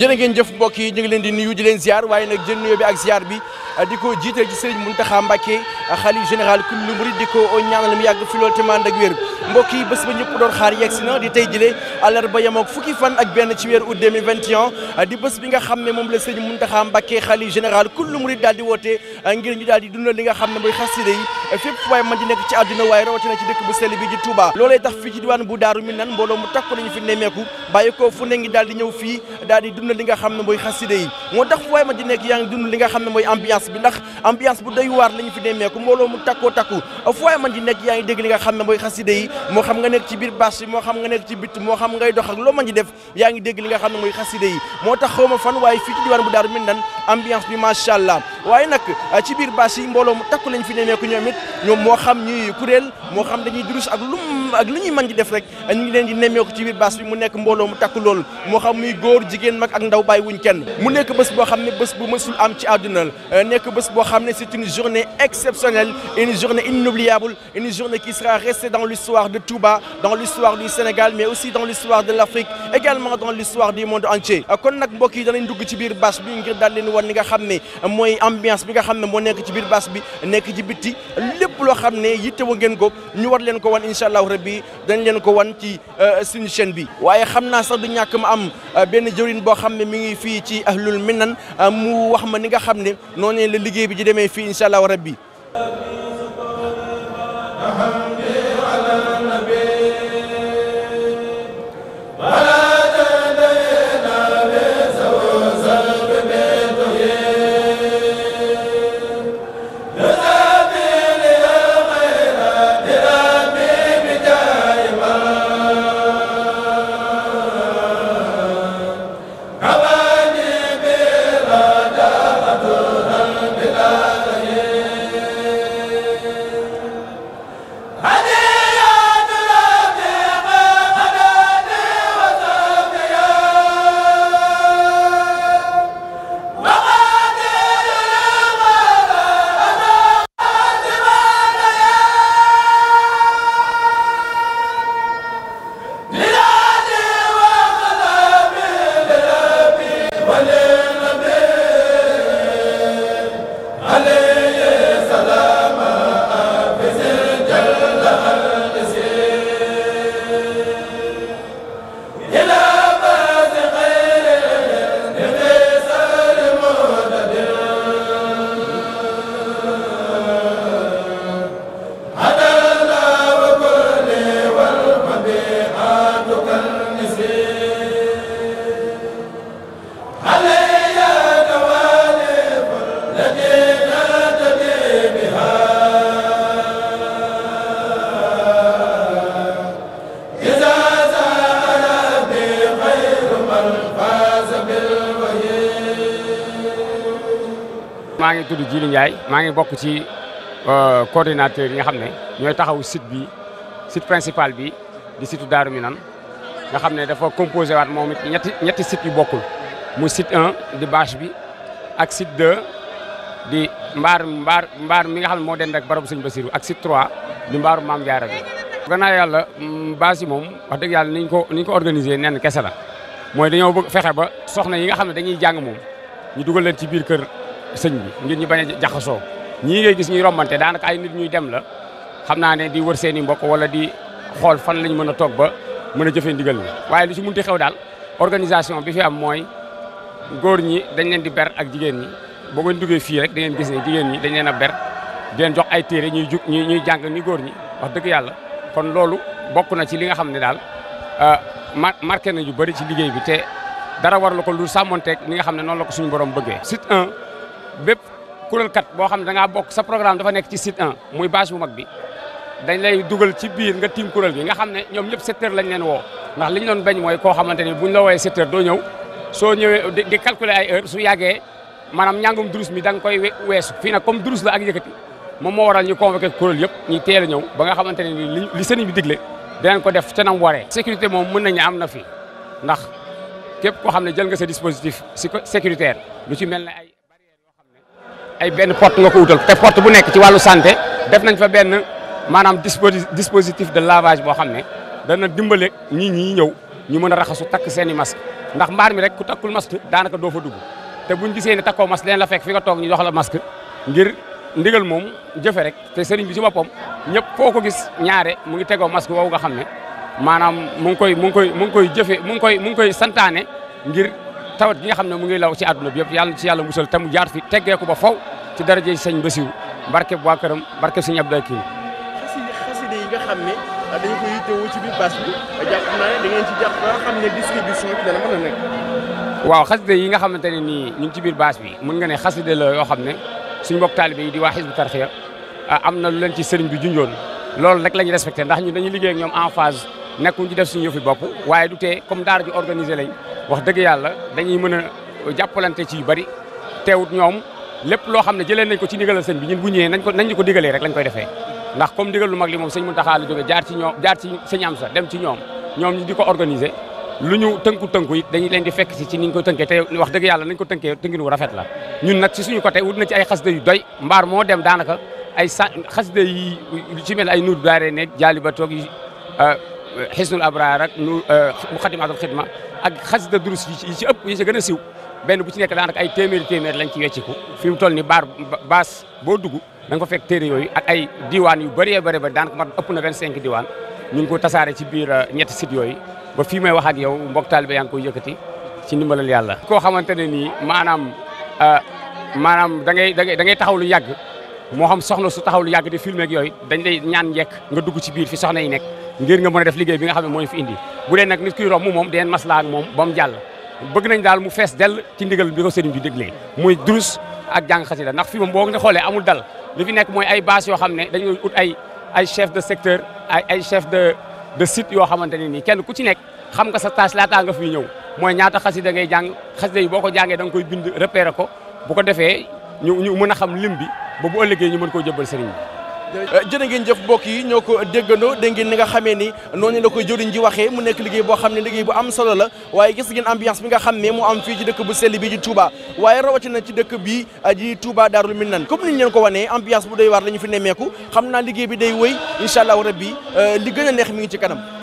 jërë ngeen jëf mbokk yi ñu ngi leen di nuyu leen ziar waaye na jël nuyoo bi ak ziar bi ah, di ko jiital ci sëriñ Mountakha Mbacké xalif ah, général kullu murid di ko ñaanal mu yàgg fi lool te ànd ak wér mbokk yi bés ba ñëpp doon xaar yegg si na di tey jëlee àllarba yemoog fukki fan ak benn ci weeru août 2021 ah, di bés bi nga xam ne moom la sëriñ Mountakha Mbacké xalif général kullu murid daal di woote ngir ñu daal di dundal li nga xam ne mooy xasida yi fépp waaye man di nekk ci àdduna waaye rawatina ci dëkk bu sell bi di Touba loolee tax fii ci diwaan bu Daaru Minaan mbooloo mu takku nañu fi nemmeeku bàyyi ko fu ne ngi daal ñëw fii daal dund li nga xam ne mooy xaside yi moo tax waaye man di nekk yaa ngi mooy ambiance bi ndax ambiance bu doy waar la ñu fi nemmeeku mbooloo mu fu waaye man di nekk yaa ngi dégg li nga xam ne mooy xaside yi moo xam nga nekk ci biir bâche yi moo xam nga nekk ci bitt moo xam ngay dox ak loo man di def yaa ngi dégg li nga xam ne mooy xaside yi moo tax xawma fan waaye ambiance bi machallah allah nak ci bir bâche yi mbooloo mu takku lañ fi nemeeku ñoom it ñoom moo xam ñuy kurel mo xam dañuy durus ak lu ak lu man di def rek ah, ñu ngi leen di ko ci bir bâche bi mu nekk mbolom takku lool mo xam muy goor jigen mak ak ndaw bay wuñ kenn mu nekk bëss bo xam bëss bu mësul am ci aduna ah, nekk bés boo c'est une journée exceptionnelle une journée inoubliable une journée qui sera restée dans l'histoire de Touba dans l'histoire du Sénégal mais aussi dans l'histoire de l'Afrique également dans l'histoire du monde entier ah, kon nak mbokk yi dugg ci bir bâche bi ngir daal leen wan li nga xam ne mooy ambiance bi nga xam ne moo nekk ci biir bâche bi nekk ci bitti lépp loo xam ne yitte wa ngeen ko ñu war leen ko wan incha allahu rabbi dañ leen ko wan ci euh, suñu chaîne bi waaye xam naa sax du ñàkk ma am euh, benn jëwriñ boo xam ne mi ngi fii ci ahlul minan euh, mu wax ma ni nga xam ne noonu la liggéey bi di demee fii incha allahu rabbi عليه maa ngi tudd Djili njaay maa ngi bokk ci euh, coordinateur yi nga xam ne ñooy taxaw site bi site principal bi di site Daaru Minam nga xam ne dafa composé waat moom it ñetti ñetti yu bokkul mu site 1 di bâche bi ak site 2 di mbaar mbaar mbaar mi nga xam ne moo den rek barabu sëñ Basiru ak site 3 di mbaaru Maam Jaara bi gannaaw yàlla mm, bâche yi moom wax dëgg yàlla niñ ko niñ ko organisé nenn kese la mooy dañoo bëgg fexe ba soxna yi nga xam ne dañuy jàng moom ñu dugal leen ci biir kër señ bi ngir ñu baña a ñi ngay gis ñuy rombante daanaka ay nit ñuy dem la xamna né di wër seeni mbokk wala di xol fan lañ mëna tok ba mëna jëfé ndigal ni waaye lu ci munti xew dal organisation bi fi am moy goor ñi dañ leen di ber ak jigen ñi bo ngeen duggé fi rek dañ leen gis ne jigen ñi dañ leen ber di leen jox ay téré ñuy juk ñuy jàng ni goor ñi wax dëgg yalla kon loolu bokku na ci li nga xamné dal euh marqué na bari ci liggéey bi té dara war la ko lu sàmmonteeg ni nga xamné non la ko suñu borom bëggé site 1 bépp kuréelkat boo xam ne da ngaa bokk sa programme dafa nekk ci site a muy bâche bu mag bi dañ lay dugal ci biir nga tiim kuréel gi nga xam ne ñoom ñëpp secteur lañ leen woo ndax li ñu doon bañ mooy koo xam ni buñ la wooyee secteur doo ñëw soo ñëwee di calculer ay su yàggee maanaam njàngum durus mi da nga koy weesu fii nag comme durus la ak yëkkati moom moo waral ñu convoqué kuréel yëpp ñu teel a ñëw ba nga xamante ne li li sëriñ bi digle dinañ ko def ca nam waree sécurité moom mën nañu am na fi ndax képp koo xam ne jël nga sa dispositif sécuritaire lu ci mel ne ay ay benn port nga ko wutal te port bu nekk ci wàllu santé def nañ fa benn maanaam dispositif de lavage boo xam ne dana dimbale nit ñi ñëw ñu mën a raxasu takk seen i masque ndax mbaar mi rek ku takkul masque daanaka doo fa dugg te buñ gisee ne takkoo masque leen la fekk fi nga toog ñu jox la masque ngir ndigal moom jëfe rek te sëriñ bi si boppam ñëpp foo ko gis ñaare mu ngi tegoo masque woowu nga xam ne maanaam mu ngi koy mu ngi koy mu ngi koy jëfe mu ngi koy mu ngi koy santaane ngir tawat gi nga xam ne mu ngi law ci àdduna bi yëpp yàlla ci yàlla musal te mu jaar fi teggee ko ba faw ci daraje sëñ Basiw barke bu waa këram barke sëñ Abdou Kine xaside yi nga xam ne dañ ko yittewoo ci biir bas bi jàpp naa ne da ngeen ci jàpp ba xam ne distribution bi dana mën a nekk waaw xaside yi nga xamante ne nii ñu ngi ci biir bas bi mu nga ne xaside la yoo xam ne suñ mbokk taalibe yi di waa Hizbut Tarqiyyah ah, am na lu leen ci sëriñ bi junjoon loolu rek lañ respecté ndax ñu dañuy liggéey ñoom en phase nekkuñ di def suñu yëfi bopp waaye du tee comme daara ji organisé lañ wax dëgg yàlla dañuy mën a jàppalante ci yu bari teewut ñoom lépp loo xam ne jëlee nañ ko ci ndigalal sëñ bi bu ñëwee nañ ko nañ ko digalee rek lañ koy defee ndax comme ndigal lu mag li moom sëñ Muntaxa la jóge jaar ci jaar ci sëñ dem ci ñoom ñoom ñu di ko organisé lu ñu tënku tënku it dañuy leen di fekk si ci ni niñ ko tënkee te wax dëgg yàlla nañ ko tënkee tënkin wu rafet la ñun nag ci suñu côté wut na ci ay xasida yu doy mbaar moo dem daanaka ay sa xasida yi ci mel ay nuur daare ne jaali ba toog yi euh, xisnul abraar ak nu eh, xatimatul xidma ak xasida durus yi ci ëpp yi ci gën a siiw benn bu ci nekk daanaka ay téeméeri téeméer lañ ci wecciku fi mu toll ni baar baas boo dugg da nga fa fekk téere yooyu ak ay diwaan yu bëree bëri bëri daanaka mat ëpp na 25 diwaan ñu ngi ko tasaare ci biir eh, ñetti site yooyu ba fii may wax ak yow mbokk taalibe yaa ngi koy yëkkati ci ndimbalal yàlla koo xamante ne nii maanaam eh, maanaam da ngay da ngay taxaw lu yàgg moo xam soxna su taxaw lu yàgg di filmer yooyu dañ lay ñaan njekk nga dugg ci biir fi soxna yi nekk ngir nga mën a def liggéey bi nga xam ne mooy fi indi bu dee nag nit kuy romb moom deen maslaa ak moom ba mu bëgg nañ daal mu fees dell ci ndigal bi ko bi déglee muy durus ak jàng xasida ndax fi moom boo nga xoolee amul dal li fi nekk mooy ay bâche yoo xam ne dañuy ut ay ay chef de secteur ay ay chef de de site yoo xamante ne nii kenn ku ci nekk xam nga sa tâche laataa nga fi ñëw mooy ñaata xasida ngay jàng xasida yi boo ko jàngee da nga koy bind repérer ko bu ko defee ñu ñu mën a xam lim bi ba bu ëllëgee ñu mën koo jëbbal sëriñ bi eh, jërë ngeen jëf yi ñoo ko déggandoo dégg ngeen ni nga xamee ni noonu la koy jëriñ ji waxee mu nekk liggéey boo xam ne liggéey bu am solo la waaye gis ngeen ambiance bi nga xam ne mu am fii ci dëkk bu sell bi di Touba waaye rawatina ci dëkk bi eh, di Touba Darou Minane comme niñ leen ko wanee ambiance bu doy war la ñu fi nemmeeku xam naa liggéey bi day wëy incha allahu rabbi eh, li gën a neex mi ngi ci kanam